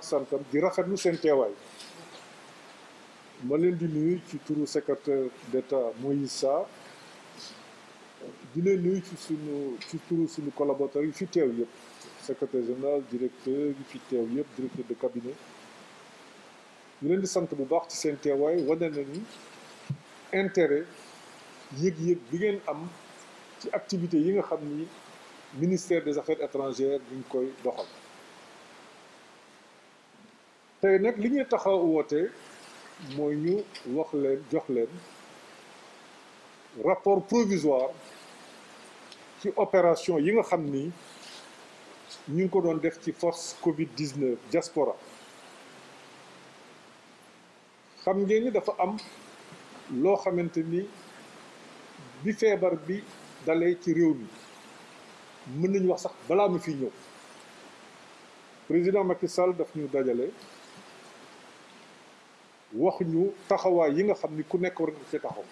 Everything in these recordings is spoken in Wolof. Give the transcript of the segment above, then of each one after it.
ak santam di rafetlu seen teewaay ma leen di nuyu ci turu secrétaire d'État Moïse Sa di leen nuyu ci sunu ci turu suñu collaborateur yi fi teew yëpp secrétaire général directeur yi fi teew yëpp directeur de cabinet ñu leen di sant bu baax ci seen teewaay wane na ni intérêt yëg-yëg bi ngeen am ci activité yi nga xam ni ministère des affaires étrangères bi ñu koy doxal tey nag li ñuy taxaw woote mooy ñu wax leen jox leen rapport provisoire ci opération yi nga xam ni ñu ngi ko doon def ci force Covid 19 diaspora xam ngeen dafa am loo xamante ni bi feebar bi dalee ci réew mi mën nañu wax sax balaa mu fi ñëw président Macky Sall daf ñu dajale. wax ñu taxawaay yi nga xam ni ku nekk war nga ci taxaw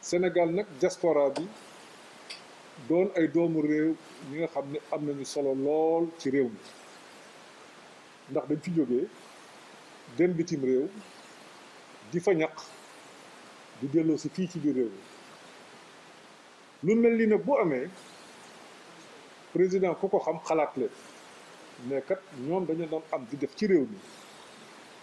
senegal nag diaspora bi doon ay doomu réew ñi nga xam ne am nañu solo lool ci réew mi ndax dañ fi jógee dem bitim réew di fa ñaq di delloo si fii ci biir réew mi lu mel ni nag bu amee président ku ko xam xalaat leen mais kat ñoom dañu doon am di def ci réew mi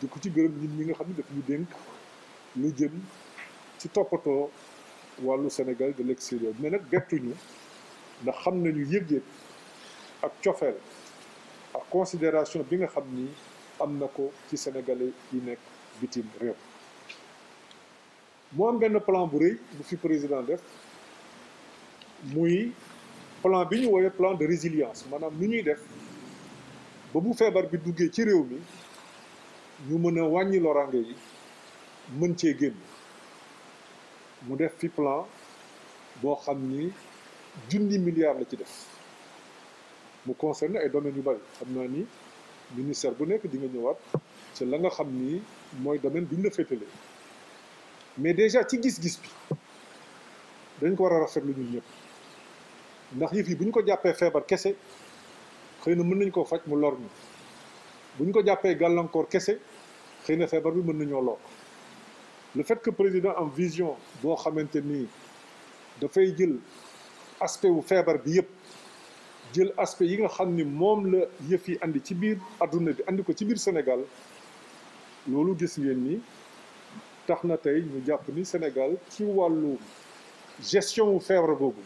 di ko ci gërëm ñun ñi nga xam ne daf ñu dénk lu jëm ci toppatoo wàllu Sénégal de l'extérieur mais nag bettuñu ndax xam nañu yëg-yëg ak cofeel ak considération bi nga xam ni am na ko ci sénégalais yi nekk bitim réew mu am benn plan bu rëy bu fi président def muy plan bi ñu woowee plan de résilience maanaam nu ñuy def ba bu feebar bi duggee ci réew mi ñu mën a wàññi loraange yi mën cee génn mu def fi plan boo xam ni junni milliards la ci def mu concerne ay domaines yu bari xam naa ni ministère bu nekk di nga ñëwaat ci la nga xam ni mooy domaine bi ñu la féetalee mais déjà ci gis-gis bi dañ ko war a rafetlu ñun ñëpp ndax yëf yi buñ ko jàppee feebar kese xëy na mën nañ koo faj mu lor ñu. buñ ñu ko jàppee gàllankoor kese xëy na feebar bi mën nañoo lor le fait que président am vision boo xamante ni dafay jël aspect wu feebar bi yépp jël aspect yi nga xam ni moom la yëf yi andi ci biir adduna bi andi ko ci biir Sénégal loolu gis ngeen ni tax na tey ñu jàpp ni Sénégal ci wàllu gestion wu feebar boobu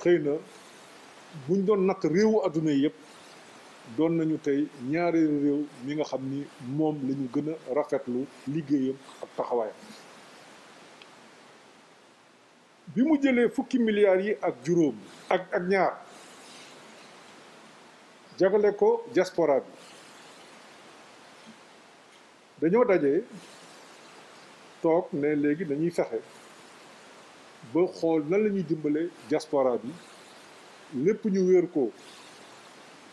xëy na buñ doon natt réewu adduna yi doon nañu tey ñaareelu réew mi nga xam ni moom la ñu gën a rafetlu liggéeyam ak taxawaayam bi mu jëlee fukki milliards yi ak juróom ak ak ñaar jagale ko diaspora bi dañoo daje toog ne léegi dañuy fexe ba xool nan lañuy jimbale dimbale bi lépp ñu wéer ko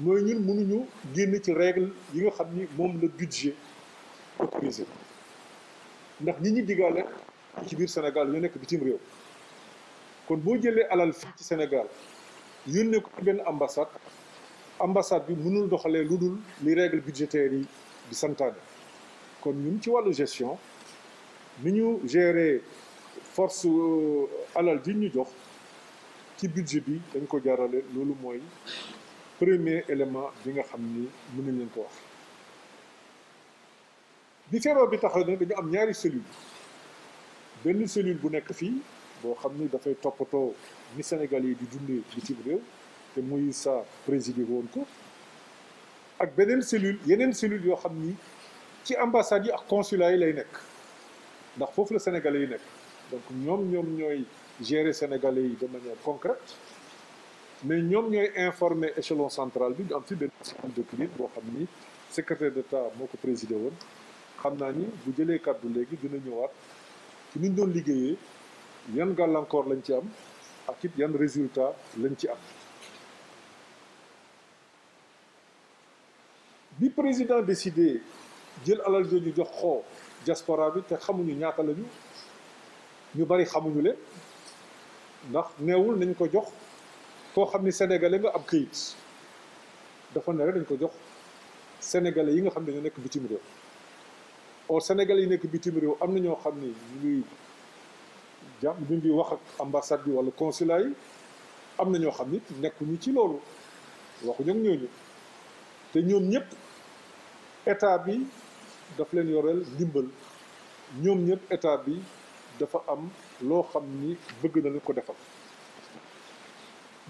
moy ñun mënuñu génn ci règle yi nga xam ni moom la budget autorisé ndax ñi ñi digaale ci biir Sénégal ñu nekk bitim réew kon boo jëlee alal fii ci Sénégal yónnee ko ci benn ambassade ambassade bi mënul doxalee lu dul li règle budgétaire yi di santaane kon ñun ci wàllu gestion ni ñu gérer force euh, alal ji ñu jox ci budget bi dañ ko jaarale loolu mooy premier élément bi nga xam ni mën nañ leen ko wax bi feebar bi taxaw na dañu am ñaari cellule benn cellule bu nekk fii boo xam ni dafay toppatoo ni Sénégal yi di dundee bitim réew te muy sa présidé woon ko ak beneen cellule yeneen cellule yoo xam ni ci ambassade yi ak consulat yi lay nekk ndax foofu la Sénégalais yi nekk donc ñoom ñoom ñooy gérer Sénégalais yi de manière concrète mais ñom ñoy informé échelon central bi ñu am fi benn cycle de crise bo xamni secrétaire d'État moko présider won xamna ni bu jëlee kaddu légui dina ñëwaat ci ñu doon liggéeyee yan encore lañ ci am ak it yan résultat lañ ci am. bi président décidé jël alal jëñu jox xoo diaspora bi te xamuñu ñaata lañu ñu bari xamuñu le ndax néwul nañ ko jox. foo xam ni sénégalais nga am këyit dafa ne dañ ko jox sénégalais yi nga xam ne dañoo nekk bitim réew or sénégalais yi nekk bitim réew am na ñoo xam ni ñuy jàpp ñu ngi wax ak ambassade bi wala consulat yi am na ñoo xam ni nekkuñu ci loolu waxuñu ak ñooñu te ñoom ñëpp état bi daf leen yoreel ndimbal ñoom ñëpp état bi dafa am loo xam ni bëgg na leen ko defal.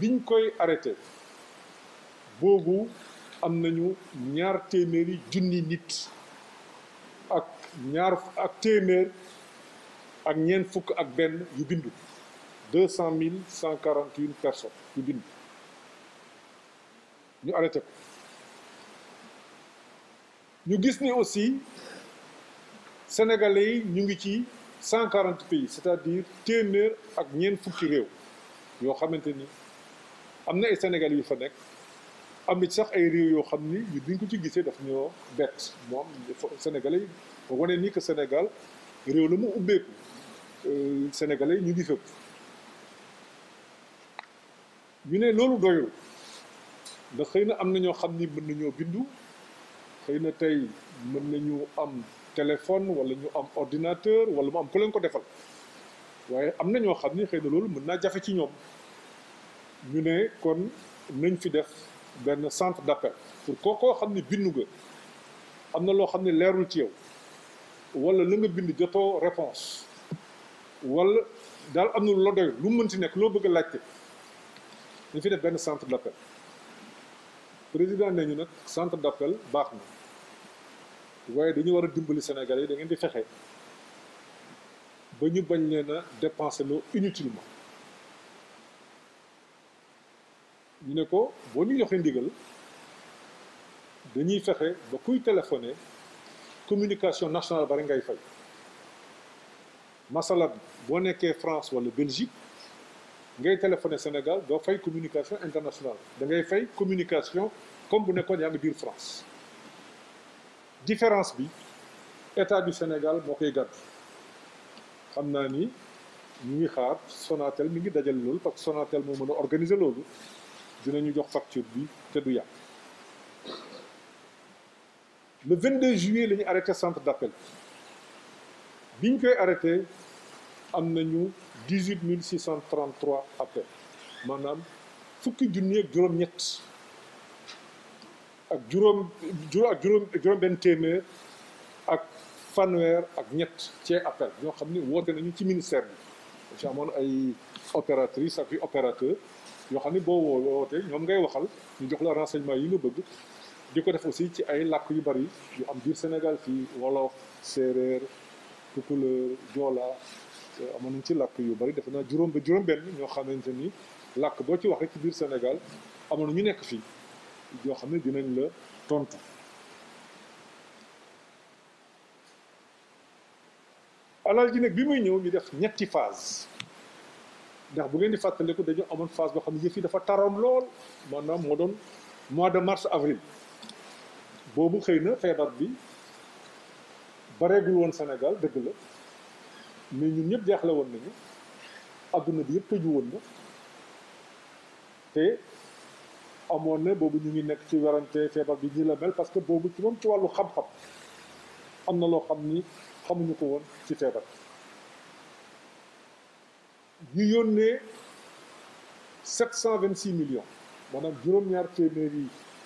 biñ koy arrêté boobu am nañu ñaar téeméeri junni nit ak ñaar ak téeméer ak ñeen fukk ak benn yu bindu deux cent mille cent quarante une personnes yu bindu ñu arrêté ko ñu gis ni aussi sénégalais yi ñu ngi ci cent quarante pays c'est-à-dire téeméer ak ñeen fukki réew yoo xamante ni am na ay Sénégal yu fa nekk amit sax ay réew yoo xam ñu ko ci gisee daf Sénégalais que Sénégal réew la mu ubbeeku euh, Sénégalais yi ñu ngi fépp ñu ne loolu doyul ndax xëy na am na ñoo xam bindu am téléphone wala ñu am ordinateur wala mu am ku leen ko defal waaye ñu ne kon nañ fi def benn centre d'appel pour kookoo xam ne bindu nga am na loo xam ne leerul ci yow wala la nga bind jotoo réponse wala daal am na lu doy lu mën ci nekk loo bëgg a laajte ñu fi def benn centre d'appel président ne ñu nag centre d'appel baax na waaye dañu war a dimbali Sénégalais yi da ngeen di fexe ba ñu bañ leen a dépenser loo inutilement ñu ne ko boo ñu dañuy ba communication nationale bari ngay fay masala boo nekkee France wala Belgique ngay au Sénégal fay communication internationale da ngay communication comme bu nekkoon yaa ngi France différence bi état du Sénégal moo koy pas. ni xaar Sonatel mi ngi parce dinañu jox facture bi te du le 22 juillet nous ñu arrêté centre d'appel bi ñu koy arrêté 18 633 appels Madame, fukki ak juróom-ñett ak juróom ak juróom juróom-benn ak fanweer ak ñett cee appel ñoo xam ne ministère bi ci ay opératrice ak opérateur yoo xam ne boo woo wootee ñoom ngay waxal ñu jox la renseignement yi nga bëgg di ko def aussi ci ay làkk yu bari yu am biir Sénégal fii wolof séeréer tukulóor joola amoon nañ ci làkk yu bari defe naa juróom ba juróom-benn ñoo xamante ni làkk boo ci wax rek ci biir Sénégal amoon ñu nekk fii yoo xam ne dinañ la tontu. alal ji nag bi muy ñëw ñu def ñetti phase. ndax bu ngeen di fàttaliku dañu amoon phase boo xam ne yëf yi dafa taroon lool maanaam moo doon mois de mars avril boobu xëy na feebar bi bareegul woon Sénégal dëgg la mais ñun ñëpp jaaxle woon nañu adduna bi yëpp tëju woon na te amoon na boobu ñu ngi nekk ci werante feebar bi ñi la mel parce que boobu ci moom ci wàllu xam-xam am na loo xam ni xamuñu ko woon ci feebar ñu 726 millions maanaam juróom-ñaar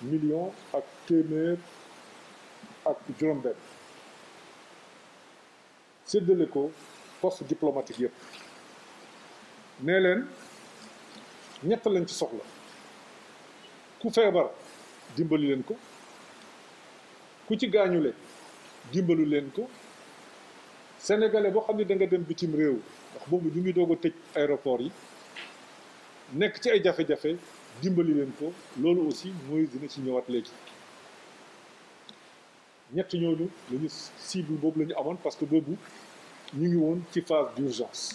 millions ak téeméer ak juróom-benn séddale ko poste diplomatique yëpp nee leen ñett lañ ci soxla ku feebar dimbali leen ko ku ci gaañule dimbalu leen ko sénégalais boo xam ne da nga dem bitim réew ndax boobu ñu ngi doog a tëj aéroport yi nekk ci ay jafe-jafe dimbali leen ko loolu aussi mooy dina ci ñëwaat léegi ñett ñooñu la ñu cible boobu la ñu amoon parce que boobu ñu ngi woon ci phase d'urgence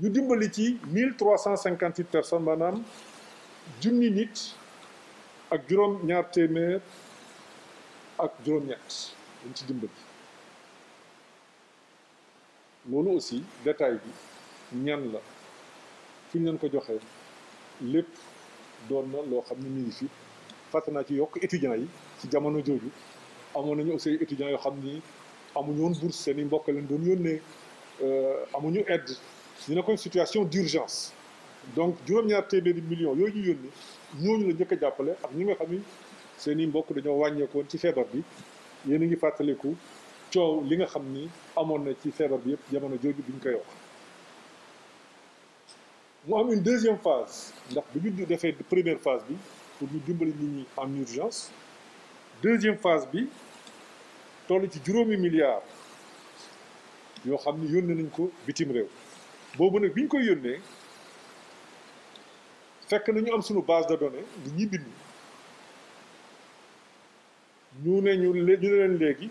ñu dimbali ci 1358 personnes maanaam junni nit ak juróom ñaar téeméer ak juróom-ñett dañ ci dimbali loolu aussi détail bi ñan la fi ñu leen ko joxee lépp doon na loo xam ne mi ngi fi fàtte naa ci yokk étudiants yi ci jamono jooju amoon nañu aussi étudiants yoo xam ni amuñu woon bourse seen i mbokk leen doon yónnee euh, amuñu aide ñu ne koy situation d'urgence donc juróom-ñaar téeméeri millions yooyu ñu yónnee ñooñu la njëkk a jàppale ak ñi nga xam ni seen i mbokk dañoo wàññeekoon ci feebar bi yéen a ngi fàttaliku coow li nga xam ni amoon na ci feebar bi yëpp jamono jooju bi ñu koy wax mu am une deuxième phase ndax bu ñu defee première phase bi pour ñu dimbali nit ñi en urgence deuxième phase bi toll ci juróomi milliards yoo xam ni yónnee nañ ko bitim réew boobu nag bi ñu koy yónnee fekk na ñu am sunu base de données li ñi bind ñu ne ñu ñu leen léegi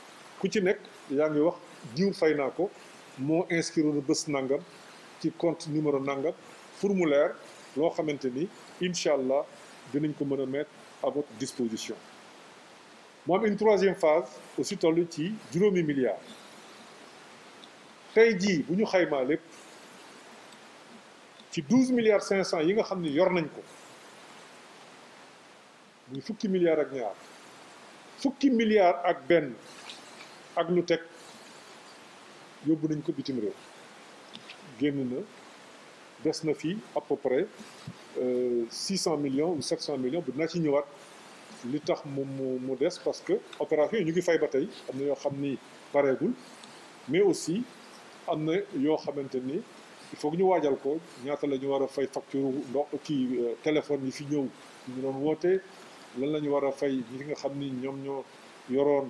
ku ci nekk yaa ngi wax diw fay naa ko moo inscrire bés nangam ci compte numéro nangam formulaire loo xamante ni incha allah dinañ ko mën a mettre à votre disposition mu am une troisième phase aussi toll ci juróomi milliards tey jii bu ñu xaymaa lépp ci 12 milliards 500 yi nga xam ni yor nañ ko muy fukki milliards ak ñaar fukki milliards ak benn ak lu teg yóbbu nañ ko bitim réew génn na des na fii à peu près euh, six cent millions ou sept cent millions bu dinaa ci ñëwaat li tax mu mu mu des parce que opération ñu ngi fay ba tey am na yoo xam ni pareegul mais aussi am na yoo xamante ni il faut que ñu waajal ko ñaata la ñu war a fay facture ndox kii euh, téléphone yi fi ñëw ñu doon woote lan la ñu war a fay ñi nga xam ni ñoom ñoo yoroon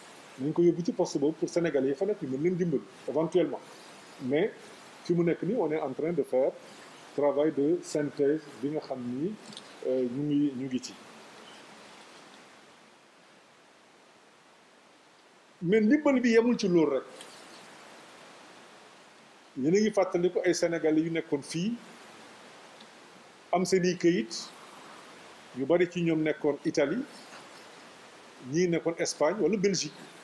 nañ ko yóbbu ci pour Sénégalais éventuellement mais on est en train de faire travail de synthèse bi nga euh, mais ndimbal bi yemul ci rek a sénégalais yu nekkoon fii am bari ci Italie Espagne wala Belgique.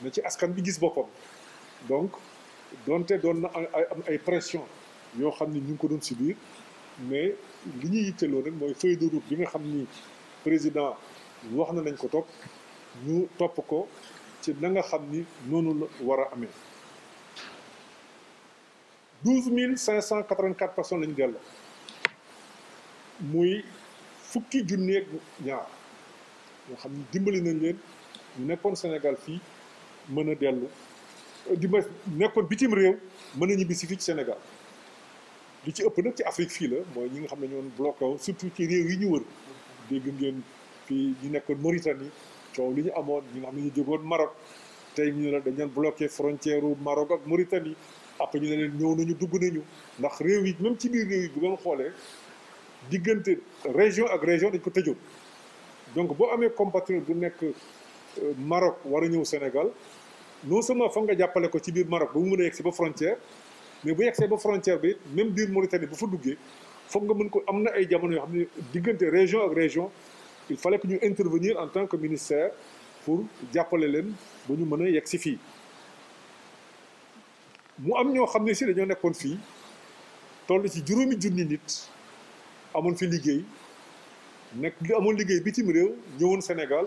mais ci askan bi gis donc donté don na pression xamni ñu ko doon mais li ñuy lo rek moy feuille de route bi président wax na nañ ko top ñu top ko ci nga la personnes la ñu delloo muy fukki junneeg ñaar sommes dimbali nañ ñu Sénégal mën a dellu di ma nekkoon bitim réew mën a ñibbi si fii ci Sénégal li ci ëpp nag ci Afrique fii la mooy ñi nga xam ne ñoo bloqué woon surtout ci réew yi ñu wër dégg ngeen fii ñi nekkoon Mauritanie coow li ñu amoon ñi nga xam ne ñu jógoon Maroc tey ñu ne dañ leen bloqué frontière Maroc ak Mauritanie après ñu ne leen ñëw nañu dugg nañu ndax réew yi même ci biir réew yi bu ngeen xoolee diggante région ak région dañ ko tëjoon donc boo amee compatriote bu nekk Maroc war Sénégal non seulement il nga jappalé ko ci biir Maroc bu mu a ba frontière mais bu yexé ba frontière bi même biir Mauritanie bu fa nga région il fallait que nous intervenir en tant que ministère pour jappalé leen bu ñu mëna a fi am ñoo xamni des dañoo ci juroomi jooni nit amon fi liggéey amon liggéey Sénégal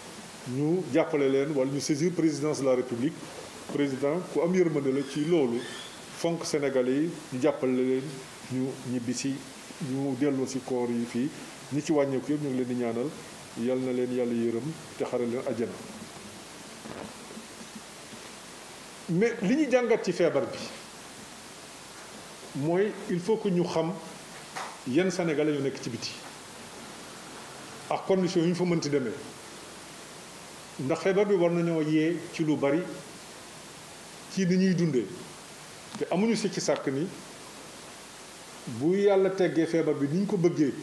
nous nous wala saisir présidence de la république président ku am la sénégalais yi ñu jàppale leen ñu ñibbi ñu delloo si koor yi fii ci mais li ñu jàngat ci il faut que nous xam yan sénégalais yu nekk ci biti ak ñu ndax feebar bi war nañoo yee ci lu bari ci ni ñuy dunde te amuñu si ci sàkk ni bu yàlla teggee feebar bi ni ko bëggee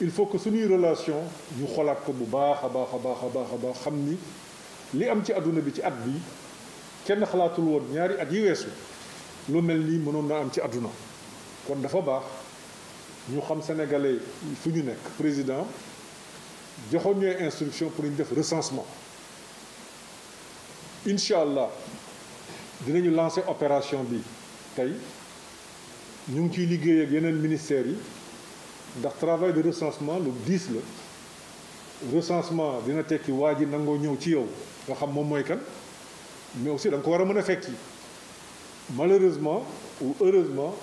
il faut que suñuy relation yu xolaat ko bu baax a baax a baax a baax a baax xam ni li am ci àdduna bi ci at bi kenn xalaatul woon ñaari at yi weesu lu mel nii mënoon naa am ci àdduna kon dafa baax ñu xam sénégalais fu ñu nekk président joxoon ñooy instruction pour une def recensement Inch'Allah, nous dinañu lancer l'opération. bi tey ñu ngi le ministère. ak travail de recensement le 10 le recensement dina tekki waa ji nangoo ñëw ci yow nga mais aussi da nga ko war malheureusement ou heureusement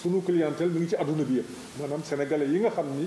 sunu clientèle mi ngi ci àdduna bi yëpp sénégalais yi nga xam ni.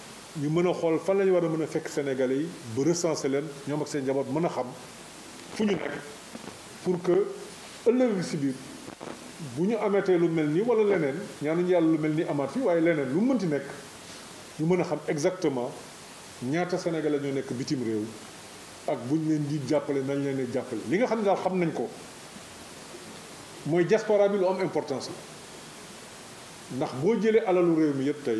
ñu mën a xool fan lañu war a mën a fekk Sénégalais yi ba recenser leen ñoom ak seen njaboot mën a xam fu ñu nekk pour que ëllëg si biir bu ñu amatee lu mel nii wala leneen ñaanuñu yàlla lu mel nii amaat fi waaye leneen lu mënti nekk ñu mën a xam exactement ñaata Sénégalais ñoo nekk bitim réew ak buñ leen di jàppale nañ leen di jàppale li nga xam ne daal xam nañ ko mooy diaspora bi lu am importance la ndax boo jëlee alalu réew mi yëpp tey.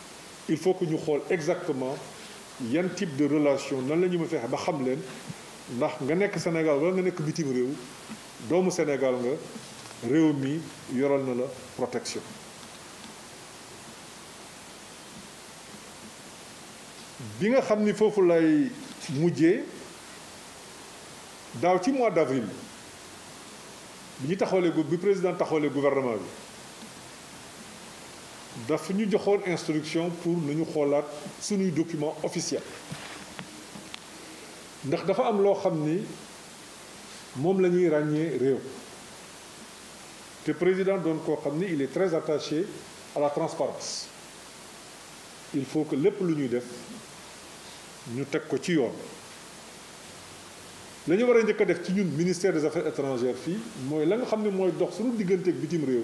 il faut que nous xool exactement quel type de relation nan avons nous nous ba xam Sénégal nous nga au Sénégal la protection bi nga ce que mois d'avril Le président le gouvernement dafa de joxoon instruction pour nañu xoolaat suñuy document officiel ndax dafa am loo xam ni moom la ñuy ràññee président Don koo il est très attaché à la transparence il faut que les lu ñuy def ñu teg ko ci yoon la ñu war def ci ñun ministère des affaires étrangères fii mooy la nga xam ne mooy dox suñu de victime réew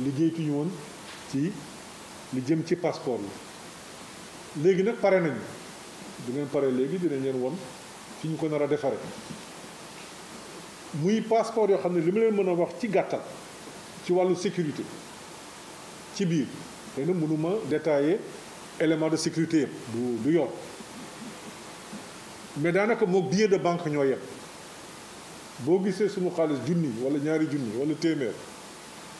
liggéeytuñu woon ci lu jëm ci passeport bi léegi nag pare nañu bu ngeen pare léegi dinañ leen won fi ñu ko nar a defare muy passeport yoo xam ne li ma leen mën a wax ci gàttal ci wàllu sécurité ci biir xëy na mënuma détailler élément de sécurité yëpp du du yoon mais daanaka moo billet de banque ñoo yem boo gisee suñu xaalis junni wala ñaari junni wala téeméer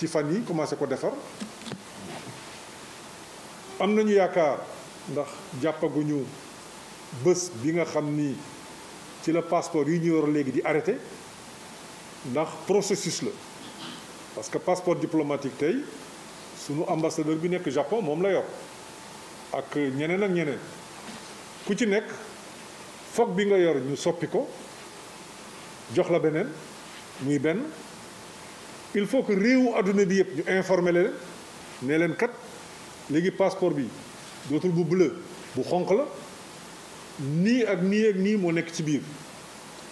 ci fan yi commencé ko defar am nañu yaakaar ndax jàppaguñu bés bi nga xam ni ci la passeport yi ñu yor léegi di arrêté ndax processus la parce que passeport diplomatique tey sunu ambassadeur bi nekk Japon moom la yor ak ñeneen ak ñeneen ku ci nekk foog bi nga yor ñu soppi ko jox la beneen muy benn il faut que réewu àdduna bi yëpp ñu informer leen ne leen kat léegi passeport bi dootul bu bleu bu xonq la nii ak nii ak nii moo nekk ci biir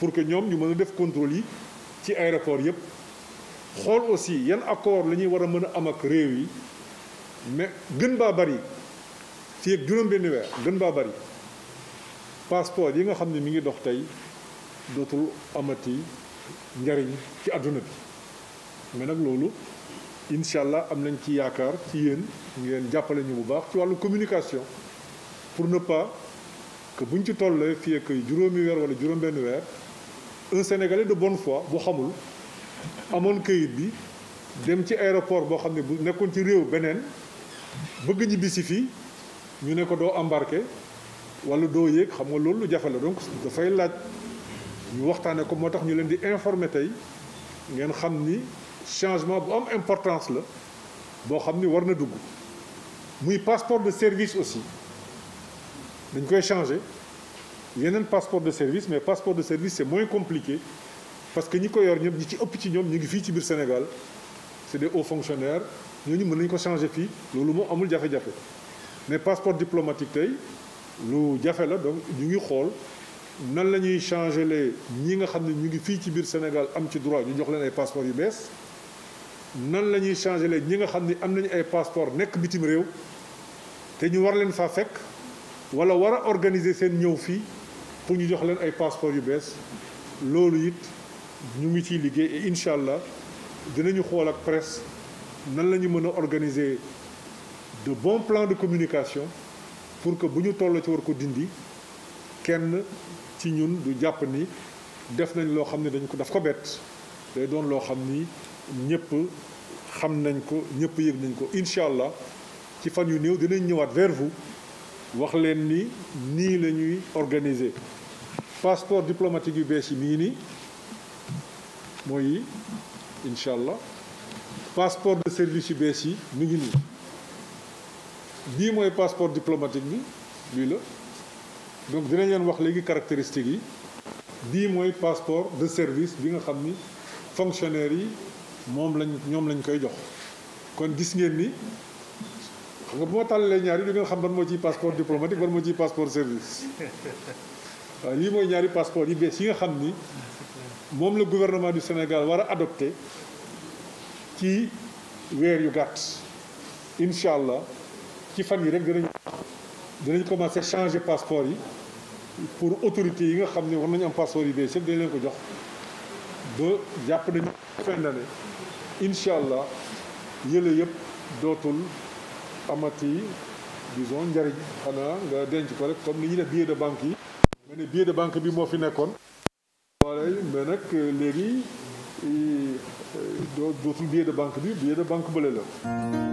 pour que ñoom ñu mën a def contrôle yi ci aéroport yëpp xool aussi yan accord la ñuy war a mën a am ak réew yi mais gën baa bari fii ak juróom-benni weer gën baa bari passeport yi nga xam ne mi ngi dox tey dootul amati njariñ ci àdduna bi mais nag loolu incha allah am nañ ci yaakaar ci yéen ngeen jàppale ñu bu baax ci wàllu communication pour ne pas que buñ ci tollee fii ak juróomi weer wala juróom-benn weer un sénégalais de bonne fois bu xamul amoon kayit bi dem ci aéroport boo xam ne bu nekkoon ci réew beneen bëgg ñibbisi fii ñu ne ko doo embarqué wala doo yéeg xam nga loolu lu jafe donc dafay laaj ñu waxtaanee ko moo tax ñu leen di informer tey ngeen xam ni. changement bu am importance la boo xam ni war na dugg muy passeport de service aussi dañ koy changer yeneen passeport de service mais passeport de service c'est moins compliqué parce que ñi ko yor ñoom ñi ci ëpp ci ñoom ñu ngi fii ci biir Sénégal c'est des hauts fonctionnaires ñooñu mën nañu ko changer fii loolu moo amul jafe-jafe mais passeport diplomatique tey lu jafe la donc ñu ngi xool nan la ñuy changer les ñi nga xam ñu ngi fii ci biir Sénégal am ci droit ñu jox leen ay passeport yu bees nan lañuy changer les ñi nga xam am nañ ay passeport nek bitim réew té ñu war leen faa fekk wala wara organiser sen ñew fi pour ñu jox leen ay passeport yu bees lolu it ñu ngi ciy et inshallah dinañu xool ak presse nan la mëna organiser de bons plans de communication pour que buñu ñu ci war ko dindi kenn ci ñun du japp ni def nañ lo xamni dañ ko daf ko bett day doon lo xamni ñëpp xam nañ ko ñëpp yëg nañ ko inshallah ci fan yu néew dinañ ñëwaat vers vous wax leen ni nii la ñuy organiser passeport diplomatique yu bees yi mi ngi nii mooy passeport de service yu bees yi mi ngi nii bii mooy passeport diplomatique bi lii la donc dinañ leen wax léegi caractéristiques yi bii mooy passeport de service bi nga xam ni fonctionnaires yi mom lañ ñom lañ koy jox kon gis ngeen ni nga boo talé ñaari du ngeen xam ban mo ci passeport diplomatique ban mo ci passeport service li moy ñaari passeport yi bees yi nga xam ni mom la gouvernement du Sénégal wara adopter ci weer yu gàtt inshallah ci fan yi rek dinañ dinañ commencé changer passeport yi pour autorité yi nga xam ni war nañu am passeport yi bees yëpp dañ leen ko jox ba japp nañu fin d'année incha allah yële yëpp dootul amati disons njariñ xanaa nga denc ko rek comme ni ñuy def billet banque yi nga ne billet banque bi moo fi nekkoon waaye mais nag léegi dootul billet banque bi billet de banque bële la